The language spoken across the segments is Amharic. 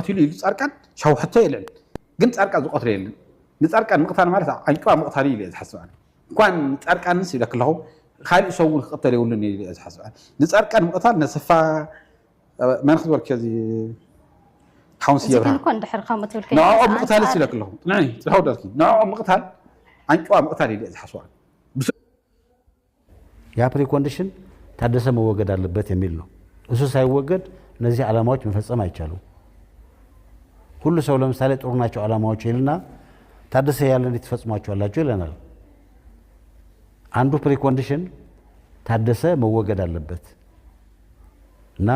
ቀቲሉ ኢሉ ፃርቃን ሻውሕቶ የለን ግን ፃርቃን ዝቀትሎ የለን ንፃርቃን ምቕታል ማለት ዓንቂባ ምቕታል እዩ ዝሓስብ ኣነ እንኳን ንፃርቃንስ ይብለክ ኣለኹ ካልእ ሰው እውን ክቕተል የብሉን እዩ ዝሓስብ ኣነ ንፃርቃን ምቕታል ነስፋ መን ክትበልክ ዚ ሓውንስ የብርሃን ንዕኦም ምቕታልስ ይብለክ ኣለኹ ጥንዕኒ ፅልሐው ደርኪ ንዕኦም ምቕታል ዓንቂባ ምቕታል እዩ ዝሓስብ ኣነ ያ ፕሪኮንዲሽን ታደሰ መወገድ አለበት የሚል ነው። እሱ ሳይወገድ እነዚህ ዓላማዎች መፈጸም አይቻሉም። ሁሉ ሰው ለምሳሌ ጥሩ ናቸው ዓላማዎች ይልና ታደሰ ያለ እንዴት ትፈጽሟቸዋላችሁ ይለናል። አንዱ ፕሪኮንዲሽን ታደሰ መወገድ አለበት እና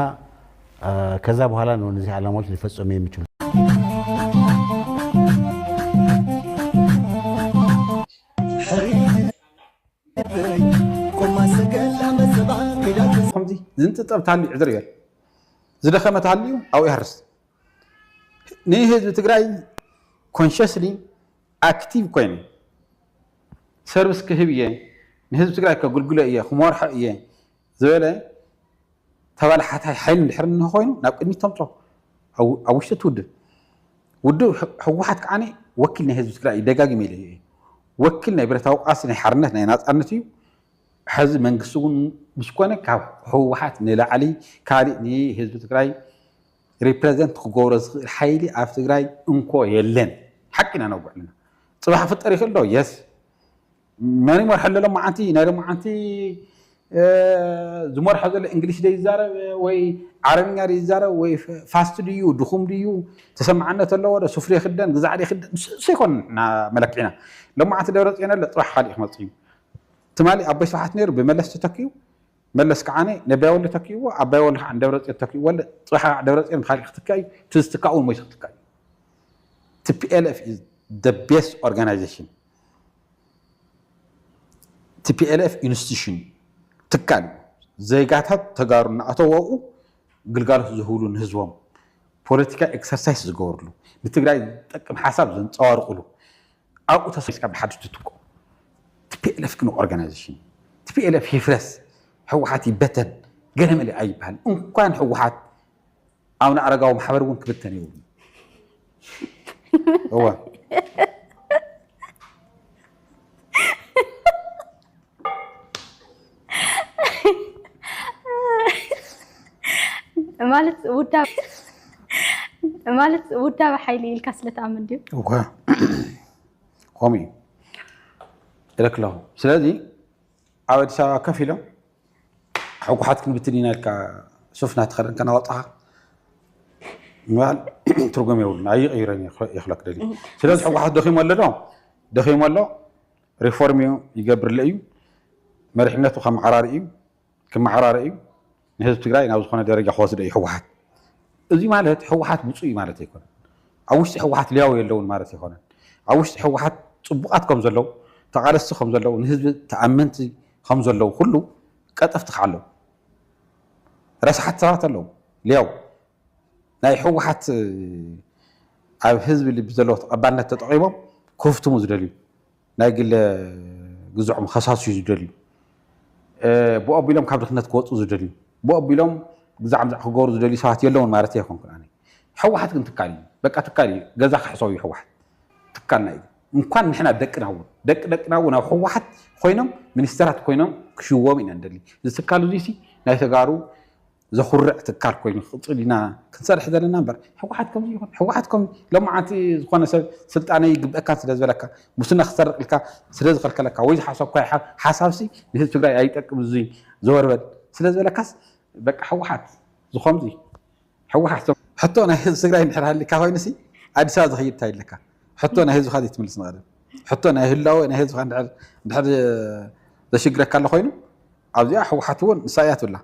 ከዛ በኋላ ነው እነዚህ ዓላማዎች ሊፈጸሙ የሚችሉ። ዝንጥጠብ ታሃሊ ዕድር እየ ዝደኸመ ታሃሊ ኣብኡ ይሃርስ ንህዝቢ ትግራይ ኮንሽስሊ ኣክቲቭ ኮይኑ ሰርቪስ ክህብ እየ ንህዝቢ ትግራይ ከገልግሎ እየ ክመርሖ እየ ዝበለ ተባል ሓታይ ሓይሊ እንድሕር እንህ ኮይኑ ናብ ቅድሚት ተምፅሖ ኣብ ውሽጢ ትውድብ ውድብ ህወሓት ከዓኒ ወኪል ናይ ህዝቢ ትግራይ እዩ ደጋጊመ ኢለ እዩ ወኪል ናይ ብረታዊ ቃልሲ ናይ ሓርነት ናይ ናፃነት እዩ ሕዚ መንግስቲ እውን ምስኮነ ካብ ህወሓት ንላዕሊ ካሊእ ንህዝቢ ትግራይ ريبريزنت كغور حيلي اف تግራይ እንኮ የለን حقنا نوعنا صباح فطر يخلو يس ماني مرحل له معانتي نار معانتي ዝመርሖ ዘሎ እንግሊሽ ዶ ይዛረብ ወይ ዓረብኛ ዶ ይዛረብ ወይ ፋስት ድዩ ድኹም ድዩ ተሰማዓነት ኣለዎ ዶ ሱፍሪ ይክደን ግዛዕ ዶ ይክደን ሰይኮን መለክዕና ሎማዓንቲ ደብረ ፅዮን ኣሎ ጥራሕ ካሊእ ክመፅ እዩ ትማሊ ኣብ በይ ስብሓት ነይሩ ብመለስ ተተኪዩ መለስ ከዓ ነቢያ ወሊ ተኪእዎ ኣባይ ወሊ ከዓ ተኪእዎ ተኪይዎ ጥራሕ ደብረፅዮን ብካሊእ ክትካ እዩ ትዝትካ እውን ሞይቱ ክትካ እዩ ቲፒኤልኤፍ ኢዝ ደ ቤስት ኦርጋናይዜሽን ቲፒኤልኤፍ ኢንስቲቱሽን ትካል ዜጋታት ተጋሩ እናኣተወቁ ግልጋሎት ዝህብሉ ንህዝቦም ፖለቲካ ኤክሰርሳይስ ዝገብርሉ ንትግራይ ዝጠቅም ሓሳብ ዘንፀዋርቁሉ ኣብኡ ተስካ ብሓድሽ ትትቆ ቲፒኤልኤፍ ግን ኦርጋናይዜሽን ቲፒኤልኤፍ ይፍረስ حوحاتي بتن قلم اللي عيبهن إن كان حوحات أو نعرق أو محبر ون كبتني يوم هو مالت ودا مالت ودا حيلي تعمل دي اوكي قومي لك له سلادي عاود ساعة كفيله وحد كنبتلينا لك شفنا كنوطعها مال ترجم يقول أي غير يخلق دليل سلاس حق واحد دخيم ولا لا دخيم ولا ريفورميو يجبر لأيو مرحنته خم عرار إيو كم عرار إيو نهزب تقرأي ناوز خنا درجة خواص دي حوحات إذا مالت حوحات بصي مالت يكون عوشت حوحات لياوي اللون مالت يكون عوشت حوحات طبقات كم زلو تقالس خم زلو نهزب تأمنتي خم زلو كله كتفتخ علو ረስሓት ሰባት ኣለው ልያው ናይ ሕወሓት ኣብ ህዝቢ ልቢ ዘለዎ ተቐባልነት ተጠቂሞም ከፍትሙ ዝደልዩ ናይ ግለ ግዝዖም ከሳስዩ ዝደልዩ ብኦ ኣቢሎም ካብ ድክነት ክወፁ ዝደልዩ ብኦ ኣቢሎም ግዛዕ ምዛዕ ክገብሩ ዝደልዩ ሰባት የለውን ማለት ኣይኮንኩን ኣነ ሕወሓት ግን ትካል እዩ በቃ ትካል እዩ ገዛ ክሕሰብ እዩ ሕወሓት ትካልና እዩ እንኳን ንሕና ደቅና እውን ደቂ ደቅና እውን ኣብ ሕወሓት ኮይኖም ሚኒስተራት ኮይኖም ክሽወም ኢና ንደሊ እዚ ትካል እዙ ናይ ተጋሩ زخرع تكار كوين خطرنا كنسال حدا لنا نمبر حواحدكم يكون حواحدكم لو ما عاد زخنا سل سلت أنا يجيب أكاس لذ ولا كا مسنا خسر الكا سلذ خلك لك ويز حساب كا حساب سي نهز تقرأ أي تك مزين زور بد سلذ ولا كاس بك حواحد زخم زي حواحد حتى أنا هز تقرأ نحرها اللي كهوي نسي عاد سال زخيب تايل لك حتى أنا هز خادي تملس نقدر حتى أنا هلا وأنا هز خان دار دار ذا شجرة كله خوينه أبدي أحواحد ون سايات ولا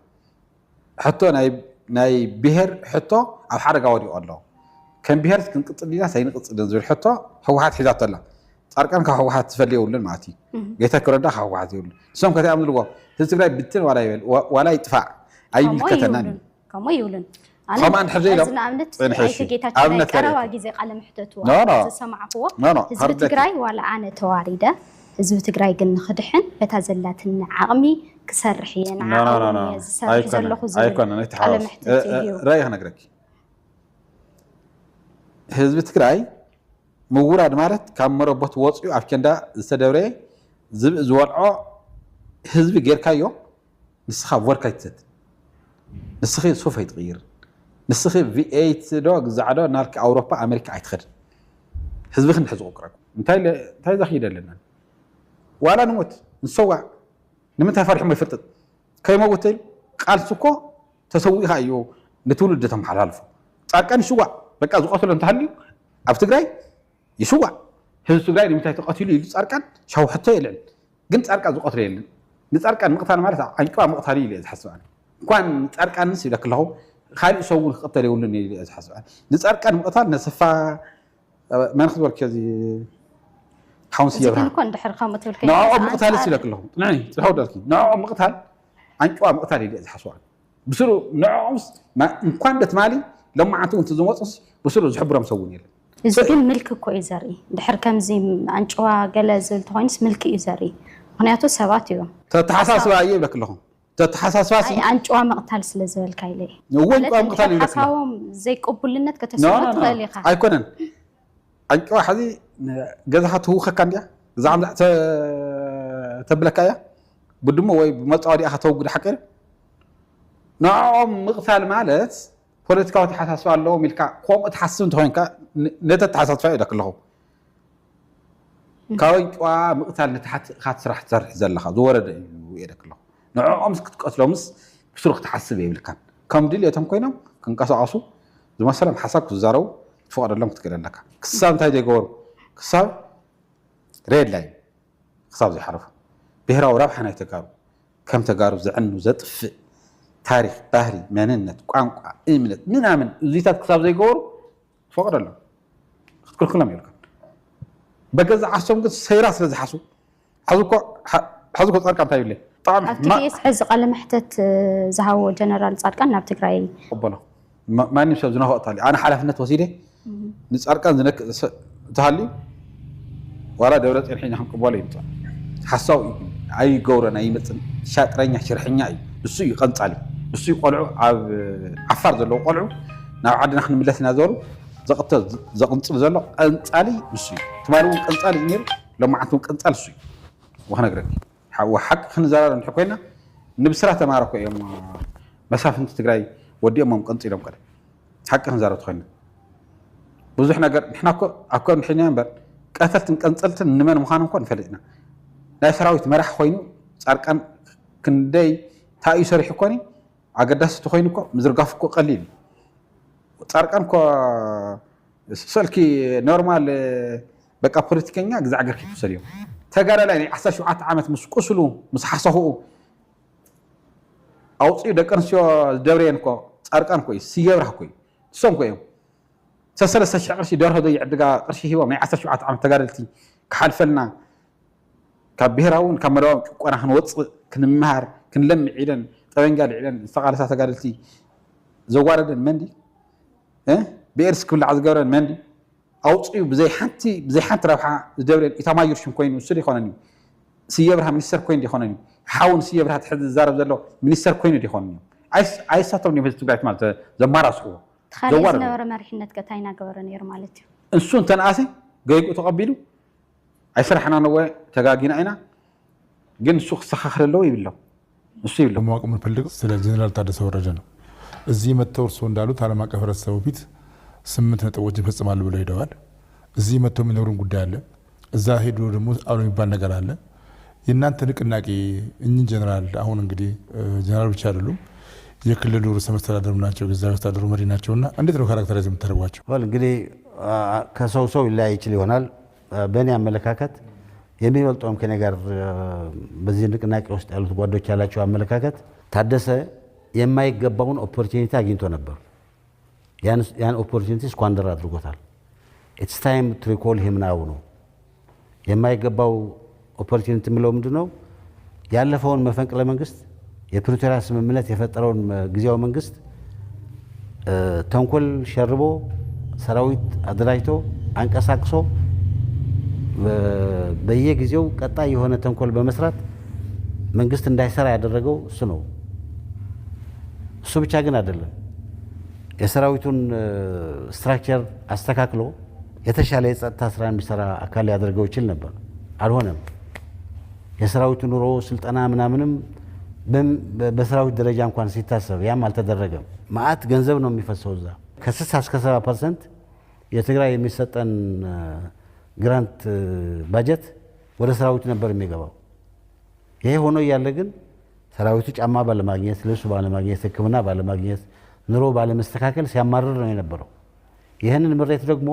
حتى ناي ناي بهر حتى على حرق عوري الله كان بهر كان قتل لنا سين قتل لنا زول حتى هو حد حجات طلع أركان كه هو حد تفلي يقول لنا معتي جيت أكرر ده هو حد يقول سام كده عمل الوا هذا كده بتن ولا يبل ولا يدفع أي مكتب نامي كم يقول لنا حجي لا أنا حجي أنا حجي أنا حجي أنا حجي أنا حجي أنا حجي أنا حجي أنا حجي أنا أنا حجي ህዝቢ ትግራይ ግን ንክድሕን በታ ዘላትን ዓቕሚ ክሰርሕ እየ ዝሰርሕ ዘለኹ ዝብልቃለምሕትራእይ ክነግረኪ ህዝቢ ትግራይ ምውራድ ማለት ካብ መረቦት ወፂኡ ኣብ ኬንዳ ዝተደብረ ዝብእ ዝበልዖ ህዝቢ ጌርካዮ ንስኻ ቮድካ ይትሰት ንስኺ ሱፍ ኣይትቕይር ንስኺ ቪኤይት ዶ ግዛዕ ዶ ናልኪ ኣውሮፓ ኣሜሪካ ኣይትኸድን ህዝቢ ክንድሕዝቁ ቅረብ እንታይ ዘኽይደ ኣለና ولا نموت نسوع نمت فرح ما يفرطت كي ما قلت قال سكو تسوي هاي يو نتول جتهم حال ألف تأكل يسوع بقى زوج أصله تهني أفتقري يسوع هذا سقراي نمت هاي تقتلي يجلس أركان شو حتى يلعن قنت أركان زوج أصله يلعن نت أركان مقتل ما رث عن كوا مقتل يلي إذا حسوا عن كوان نت أركان نسي لك له خالي يسوع قتل يقولني إذا حسوا عن نت أركان مقتل نسفا آه، ما نخذ بركزي خمس يرها كن دحر خامة الكل نوع أب مقتال سيلك لهم نعم تحاول ذلك نوع أب مقتال عن قوام مقتال اللي حسوان بسرو نوع ما إمكان ده مالي لما عطوا أنت بسرو زحبرة مسوون يلا እዚ ግን ምልክ እኮ እዩ ዘርኢ ድሕር ከምዚ ኣንጭዋ ገለ ዝብል ተኮይኑስ ምልክ እዩ ዘርኢ ምክንያቱ ሰባት እዮም ተተሓሳስባ እየ ይብለክ ኣለኹም ዓንቂዋ ሕዚ ገዛኻ ትህውኸካ እንዲያ እዛ ኣምላክ ተብለካ እያ ብድሞ ወይ ብመፅዋ ዲኣኻ ተወግድ ሓቂ ንዕኦም ምቕታል ማለት ፖለቲካዊ ተሓሳስባ ኣለዎም ኢልካ ከምኡ ትሓስብ እንተኮይንካ ነተ ተሓሳስባ እዩ ዳ ከለኹ ካብ ዕንቂዋ ምቕታል ነቲሓትካ ስራሕ ትሰርሕ ዘለካ ዝወረደ እዩ እየ ዳ ከለኹ ንዕኦምስ ክትቀትሎምስ ብስሩ ክትሓስብ የብልካን ከም ድልየቶም ኮይኖም ክንቀሳቀሱ ዝመሰሎም ሓሳብ ክዛረቡ فوق أدلهم تكلم لك كسام تاي جيغور كسام ريد لاين كسام زي حرف بهرا ورابح هنا تجارب كم تجارب زي عنو زد في تاريخ بهري من النت قام من من من اللي تات كسام زي جور فوق أدلهم كل كلام يلقى بقز عصام قد سيراس لزي حسو حزو كو حزو كو تاي لي طعم ما حزق على محتت آه، زهو جنرال صار كان نبتكراي ما ما نمشي زنا وقت انا حلفنت وسيله نصاركان زنك تهالي ورا دولة الحين هم قبول يمطع حساو اي غورن اي متن شاطرኛ شرحኛ እዩ ንሱ እዩ ቀንፃሊ ንሱ እዩ ቆልዑ ኣብ ዓፋር ዘለዎ ቆልዑ ናብ ዓድና ክንምለስ ኢና ዘበሉ ዘቕተል ዘቕንፅል ዘሎ ቀንፃሊ ንሱ እዩ ትማሊ እውን ቀንፃሊ እዩ ነይሩ ሎማዓንቲ እውን ቀንፃሊ ንሱ እዩ ወክነግረኒ ሓቂ ክንዘራረብ እንድሕ ኮይና ንብስራ ተማሃረኮ እዮም መሳፍንቲ ትግራይ ወዲኦሞም ቀንፂ ኢሎም ቀደ ሓቂ ክንዛረብቲ ኮይና بزح نجر نحنا كو أكو نحنا نبر قتلت قتلت نمن مخان كون فلتنا لا سراويت مرح خوين أركان كندي تا يسرح كوني أقدس تخوين كو مزرقاف كو قليل أركان كو سلكي نورمال بقى بوليتيكينيا غزا غير كيف سليم تغارا لاني احسا شو عت عامت مسقسلو مسحصه او صي دكن سيو دبرين كو صرقان كو سيغرح كو سون كو سلسلة شقرشي دور هذا يعدقا قرشي هو ما يعسر شعات عم تقارلتي كحال فلنا كبهراون كمراون وانا هنوص كنمهر كنلمع عيدن طبعا قال عيدن فقال ساتا قالتي زواردن مندي اه بيرس كل عز قورن مندي أوصيو بزي حنتي بزي حنت ربحة الدولة إتماير شم كوين وسري خانني سيا برها منستر كوين دي خانني حاول سيا برها تحد الزارب ذلو كوين دي خانني عايز عايز ساتوني بس تبعت مال زمارس هو ካልእ ዝነበረ መሪሕነት ከ እንታይ ነይሩ ማለት እዩ እንሱ እንተነኣሰ ገይቁ ተቐቢሉ ኣይስራሕና ነወ ተጋጊና ኢና ግን ንሱ ክስተኻኽል ኣለዎ ይብል ኣሎ ይብሎ ማወቅ ምንፈልግ ስለ ጀነራል ታደሰ ወረደ ነው እዚህ መጥተው እርስዎ እንዳሉት ዓለም አቀፍ ህብረተሰቡ ፊት ስምንት ነጥቦች ይፈጽማሉ ብለው ሄደዋል። እዚ መጥተው የሚኖሩን ጉዳይ አለ፣ እዛ ሄዶ ደግሞ አሉ የሚባል ነገር አለ። የእናንተ ንቅናቄ እኚህ ጀነራል አሁን እንግዲህ ጀነራል ብቻ አይደሉም የክልሉ ርዕሰ መስተዳደሩ ናቸው፣ ጊዜያዊ አስተዳደሩ መሪ እና እንዴት ነው ካራክተራይዝ የምታደርጓቸው? እንግዲህ ከሰው ሰው ሊለያይ ይችል ይሆናል። በእኔ አመለካከት የሚበልጠውም ከኔ ጋር በዚህ ንቅናቄ ውስጥ ያሉት ጓዶች ያላቸው አመለካከት ታደሰ የማይገባውን ኦፖርቹኒቲ አግኝቶ ነበር። ያን ኦፖርቹኒቲ ስኳንደር አድርጎታል። ኢትስ ታይም ቱ ሪኮል ሂም ናው ነው። የማይገባው ኦፖርቹኒቲ የምለው ምንድን ነው? ያለፈውን መፈንቅለ መንግስት የፕሪቶሪያ ስምምነት የፈጠረውን ጊዜያዊ መንግስት ተንኮል ሸርቦ ሰራዊት አደራጅቶ አንቀሳቅሶ በየጊዜው ቀጣይ የሆነ ተንኮል በመስራት መንግስት እንዳይሰራ ያደረገው እሱ ነው። እሱ ብቻ ግን አይደለም። የሰራዊቱን ስትራክቸር አስተካክሎ የተሻለ የጸጥታ ስራ የሚሰራ አካል ያደርገው ይችል ነበር። አልሆነም። የሰራዊቱ ኑሮ ስልጠና ምናምንም በሰራዊት ደረጃ እንኳን ሲታሰብ ያም አልተደረገም። ማአት ገንዘብ ነው የሚፈሰው እዛ ከ60 እስከ 70 ፐርሰንት የትግራይ የሚሰጠን ግራንት ባጀት ወደ ሰራዊቱ ነበር የሚገባው። ይሄ ሆኖ እያለ ግን ሰራዊቱ ጫማ ባለማግኘት፣ ልብሱ ባለማግኘት፣ ሕክምና ባለማግኘት፣ ኑሮ ባለመስተካከል ሲያማርር ነው የነበረው። ይህንን ምሬት ደግሞ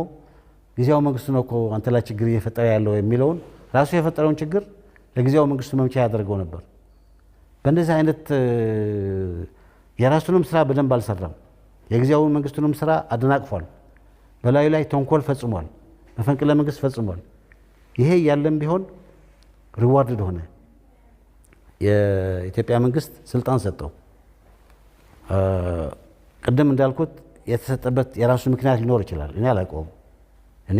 ጊዜያዊ መንግስቱ ነው እኮ አንተ ላይ ችግር እየፈጠረ ያለው የሚለውን ራሱ የፈጠረውን ችግር ለጊዜያዊ መንግስቱ መምቻ ያደርገው ነበር። በእንደዚህ አይነት የራሱንም ስራ በደንብ አልሰራም። የጊዜያዊ መንግስቱንም ስራ አደናቅፏል። በላዩ ላይ ተንኮል ፈጽሟል። መፈንቅለ መንግስት ፈጽሟል። ይሄ ያለም ቢሆን ሪዋርድድ ሆነ። የኢትዮጵያ መንግስት ስልጣን ሰጠው። ቅድም እንዳልኩት የተሰጠበት የራሱ ምክንያት ሊኖር ይችላል። እኔ አላውቀውም። እኔ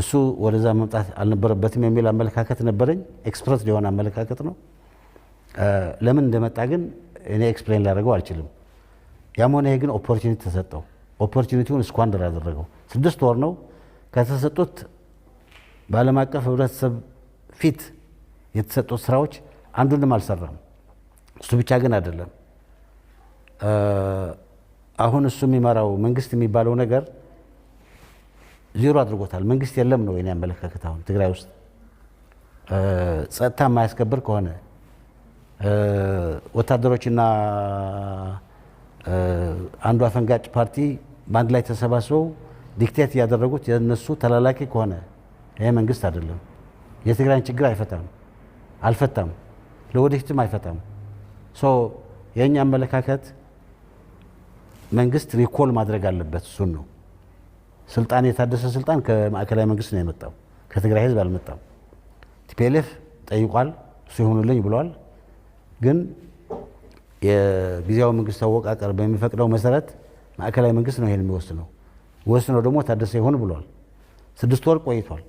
እሱ ወደዛ መምጣት አልነበረበትም የሚል አመለካከት ነበረኝ። ኤክስፕረስ ሊሆን አመለካከት ነው። ለምን እንደመጣ ግን እኔ ኤክስፕሌን ላደርገው አልችልም። ያም ሆነ ግን ኦፖርቹኒቲ ተሰጠው። ኦፖርቹኒቲውን እስኳንደር አደረገው። ስድስት ወር ነው ከተሰጡት በዓለም አቀፍ ህብረተሰብ ፊት የተሰጡት ስራዎች አንዱንም አልሰራም። እሱ ብቻ ግን አይደለም። አሁን እሱ የሚመራው መንግስት የሚባለው ነገር ዜሮ አድርጎታል። መንግስት የለም ነው የኔ አመለካከት። አሁን ትግራይ ውስጥ ጸጥታ የማያስከብር ከሆነ ወታደሮችና አንዱ አፈንጋጭ ፓርቲ በአንድ ላይ ተሰባስበው ዲክቴት እያደረጉት የነሱ ተላላኪ ከሆነ ይሄ መንግስት አይደለም። የትግራይን ችግር አይፈታም፣ አልፈታም፣ ለወደፊትም አይፈታም። የእኛ አመለካከት መንግስት ሪኮል ማድረግ አለበት። እሱን ነው ስልጣን የታደሰ ስልጣን ከማዕከላዊ መንግስት ነው የመጣው፣ ከትግራይ ህዝብ አልመጣም። ቲፒኤልኤፍ ጠይቋል፣ እሱ ይሆኑልኝ ብለዋል። ግን የጊዜያዊ መንግስት አወቃቀር በሚፈቅደው መሰረት ማዕከላዊ መንግስት ነው ይሄን የሚወስነው። ወስነው ደግሞ ታደሰ ይሁን ብሏል። ስድስት ወር ቆይቷል።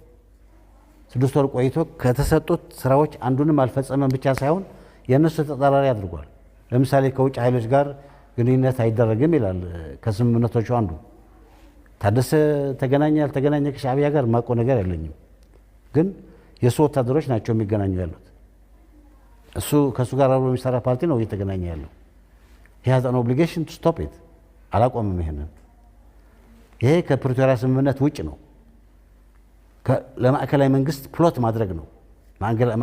ስድስት ወር ቆይቶ ከተሰጡት ስራዎች አንዱንም አልፈጸመም ብቻ ሳይሆን የእነሱ ተጠራሪ አድርጓል። ለምሳሌ ከውጭ ኃይሎች ጋር ግንኙነት አይደረግም ይላል። ከስምምነቶቹ አንዱ ታደሰ ተገናኘ ያልተገናኘ ከሻዕቢያ ጋር ማቆ ነገር የለኝም፣ ግን የእሱ ወታደሮች ናቸው የሚገናኙ ያሉት እሱ ከእሱ ጋር አብሮ የሚሰራ ፓርቲ ነው እየተገናኘ ያለው ሂያዝ አን ኦብሊጌሽን ቱ ስቶፕ ኢት አላቆምም። ይሄንን ይሄ ከፕሪቶሪያ ስምምነት ውጭ ነው። ለማዕከላዊ መንግስት ፕሎት ማድረግ ነው።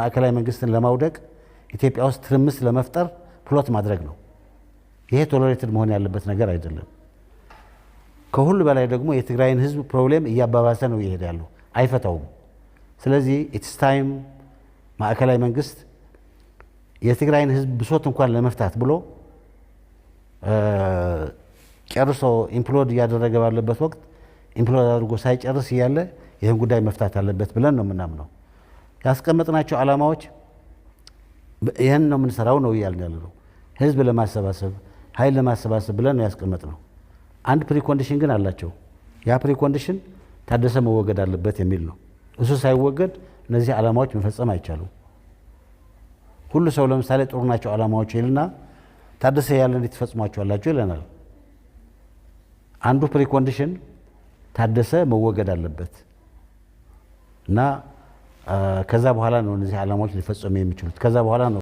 ማዕከላዊ መንግስትን ለማውደቅ ኢትዮጵያ ውስጥ ትርምስ ለመፍጠር ፕሎት ማድረግ ነው። ይሄ ቶሎሬትድ መሆን ያለበት ነገር አይደለም። ከሁሉ በላይ ደግሞ የትግራይን ህዝብ ፕሮብሌም እያባባሰ ነው እየሄደ ያለው አይፈታውም። ስለዚህ ኢትስ ታይም ማዕከላዊ መንግስት የትግራይን ህዝብ ብሶት እንኳን ለመፍታት ብሎ ጨርሶ ኢምፕሎድ እያደረገ ባለበት ወቅት ኢምፕሎድ አድርጎ ሳይጨርስ እያለ ይህን ጉዳይ መፍታት አለበት ብለን ነው የምናምነው። ያስቀመጥናቸው ዓላማዎች ይህን ነው የምንሰራው ነው እያልን ያለነው። ህዝብ ለማሰባሰብ ኃይል ለማሰባሰብ ብለን ነው ያስቀመጥነው። አንድ ፕሪኮንዲሽን ግን አላቸው። ያ ፕሪኮንዲሽን ታደሰ መወገድ አለበት የሚል ነው። እሱ ሳይወገድ እነዚህ ዓላማዎች መፈጸም አይቻሉም። ሁሉ ሰው ለምሳሌ ጥሩ ናቸው ዓላማዎች ይልና ታደሰ ያለ እንዴት ትፈጽሟቸዋላችሁ ይለናል። አንዱ ፕሪኮንዲሽን ታደሰ መወገድ አለበት እና ከዛ በኋላ ነው እነዚህ ዓላማዎች ሊፈጸሙ የሚችሉት። ከዛ በኋላ ነው